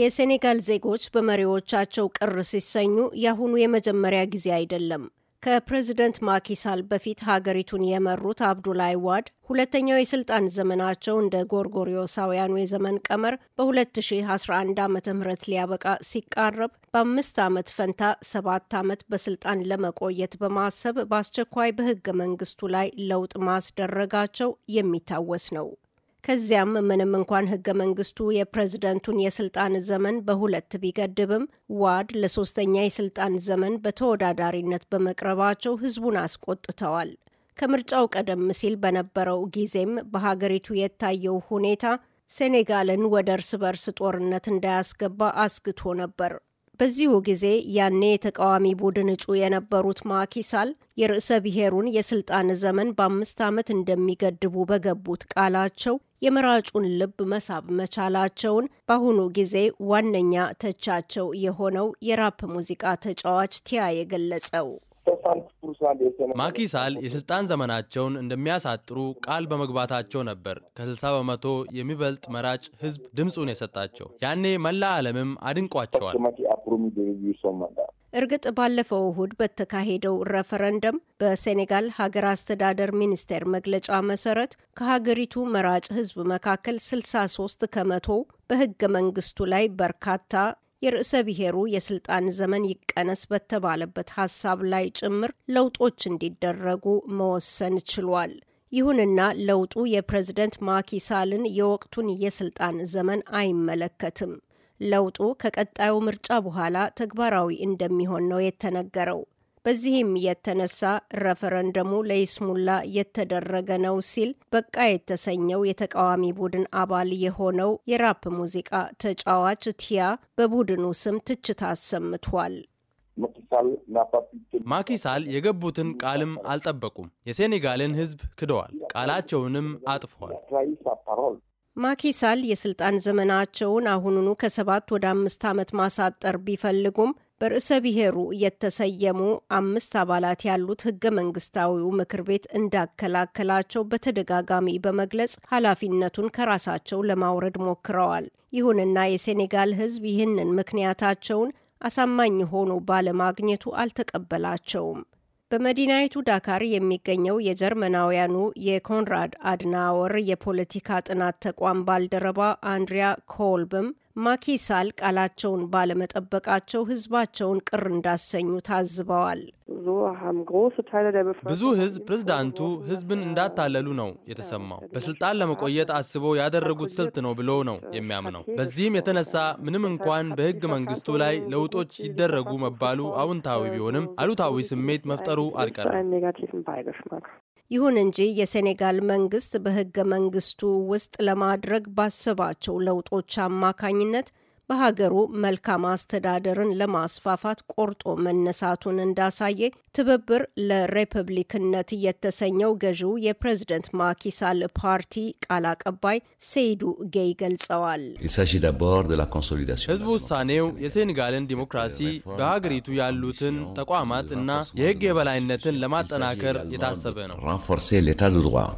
የሴኔጋል ዜጎች በመሪዎቻቸው ቅር ሲሰኙ የአሁኑ የመጀመሪያ ጊዜ አይደለም። ከፕሬዝደንት ማኪሳል በፊት ሀገሪቱን የመሩት አብዱላይ ዋድ ሁለተኛው የስልጣን ዘመናቸው እንደ ጎርጎሪዮሳውያኑ የዘመን ቀመር በ2011 ዓ ም ሊያበቃ ሲቃረብ በአምስት ዓመት ፈንታ ሰባት ዓመት በስልጣን ለመቆየት በማሰብ በአስቸኳይ በህገ መንግስቱ ላይ ለውጥ ማስደረጋቸው የሚታወስ ነው። ከዚያም ምንም እንኳን ህገ መንግስቱ የፕሬዝደንቱን የስልጣን ዘመን በሁለት ቢገድብም ዋድ ለሶስተኛ የስልጣን ዘመን በተወዳዳሪነት በመቅረባቸው ህዝቡን አስቆጥተዋል። ከምርጫው ቀደም ሲል በነበረው ጊዜም በሀገሪቱ የታየው ሁኔታ ሴኔጋልን ወደ እርስ በርስ ጦርነት እንዳያስገባ አስግቶ ነበር። በዚሁ ጊዜ ያኔ የተቃዋሚ ቡድን እጩ የነበሩት ማኪሳል የርዕሰ ብሔሩን የስልጣን ዘመን በአምስት ዓመት እንደሚገድቡ በገቡት ቃላቸው የመራጩን ልብ መሳብ መቻላቸውን በአሁኑ ጊዜ ዋነኛ ተቻቸው የሆነው የራፕ ሙዚቃ ተጫዋች ቲያ የገለጸው። ማኪሳል የስልጣን ዘመናቸውን እንደሚያሳጥሩ ቃል በመግባታቸው ነበር ከ60 በመቶ የሚበልጥ መራጭ ህዝብ ድምፁን የሰጣቸው። ያኔ መላ ዓለምም አድንቋቸዋል። እርግጥ ባለፈው እሁድ በተካሄደው ረፈረንደም በሴኔጋል ሀገር አስተዳደር ሚኒስቴር መግለጫ መሰረት ከሀገሪቱ መራጭ ሕዝብ መካከል 63 ከመቶ በህገ መንግስቱ ላይ በርካታ የርዕሰ ብሔሩ የስልጣን ዘመን ይቀነስ በተባለበት ሀሳብ ላይ ጭምር ለውጦች እንዲደረጉ መወሰን ችሏል። ይሁንና ለውጡ የፕሬዝደንት ማኪሳልን የወቅቱን የስልጣን ዘመን አይመለከትም። ለውጡ ከቀጣዩ ምርጫ በኋላ ተግባራዊ እንደሚሆን ነው የተነገረው። በዚህም የተነሳ ረፈረንደሙ ለይስሙላ የተደረገ ነው ሲል በቃ የተሰኘው የተቃዋሚ ቡድን አባል የሆነው የራፕ ሙዚቃ ተጫዋች ቲያ በቡድኑ ስም ትችት አሰምቷል። ማኪሳል የገቡትን ቃልም አልጠበቁም። የሴኔጋልን ሕዝብ ክደዋል፣ ቃላቸውንም አጥፏል። ማኪሳል የስልጣን ዘመናቸውን አሁኑኑ ከሰባት ወደ አምስት ዓመት ማሳጠር ቢፈልጉም በርዕሰ ብሔሩ እየተሰየሙ አምስት አባላት ያሉት ህገ መንግስታዊው ምክር ቤት እንዳከላከላቸው በተደጋጋሚ በመግለጽ ኃላፊነቱን ከራሳቸው ለማውረድ ሞክረዋል። ይሁንና የሴኔጋል ህዝብ ይህንን ምክንያታቸውን አሳማኝ ሆኖ ባለማግኘቱ አልተቀበላቸውም። በመዲናይቱ ዳካር የሚገኘው የጀርመናውያኑ የኮንራድ አድናወር የፖለቲካ ጥናት ተቋም ባልደረባ አንድሪያ ኮልብም ማኪሳል ቃላቸውን ባለመጠበቃቸው ሕዝባቸውን ቅር እንዳሰኙ ታዝበዋል። ብዙ ህዝብ ፕሬዝዳንቱ ህዝብን እንዳታለሉ ነው የተሰማው። በስልጣን ለመቆየት አስበው ያደረጉት ስልት ነው ብሎ ነው የሚያምነው። በዚህም የተነሳ ምንም እንኳን በህግ መንግስቱ ላይ ለውጦች ይደረጉ መባሉ አውንታዊ ቢሆንም አሉታዊ ስሜት መፍጠሩ አልቀረም። ይሁን እንጂ የሴኔጋል መንግስት በህገ መንግስቱ ውስጥ ለማድረግ ባሰባቸው ለውጦች አማካኝነት በሀገሩ መልካም አስተዳደርን ለማስፋፋት ቆርጦ መነሳቱን እንዳሳየ ትብብር ለሪፐብሊክነት የተሰኘው ገዢው የፕሬዝደንት ማኪሳል ፓርቲ ቃል አቀባይ ሴይዱ ጌይ ገልጸዋል። ህዝብ ውሳኔው የሴኔጋልን ዲሞክራሲ በሀገሪቱ ያሉትን ተቋማት እና የህግ የበላይነትን ለማጠናከር የታሰበ ነው።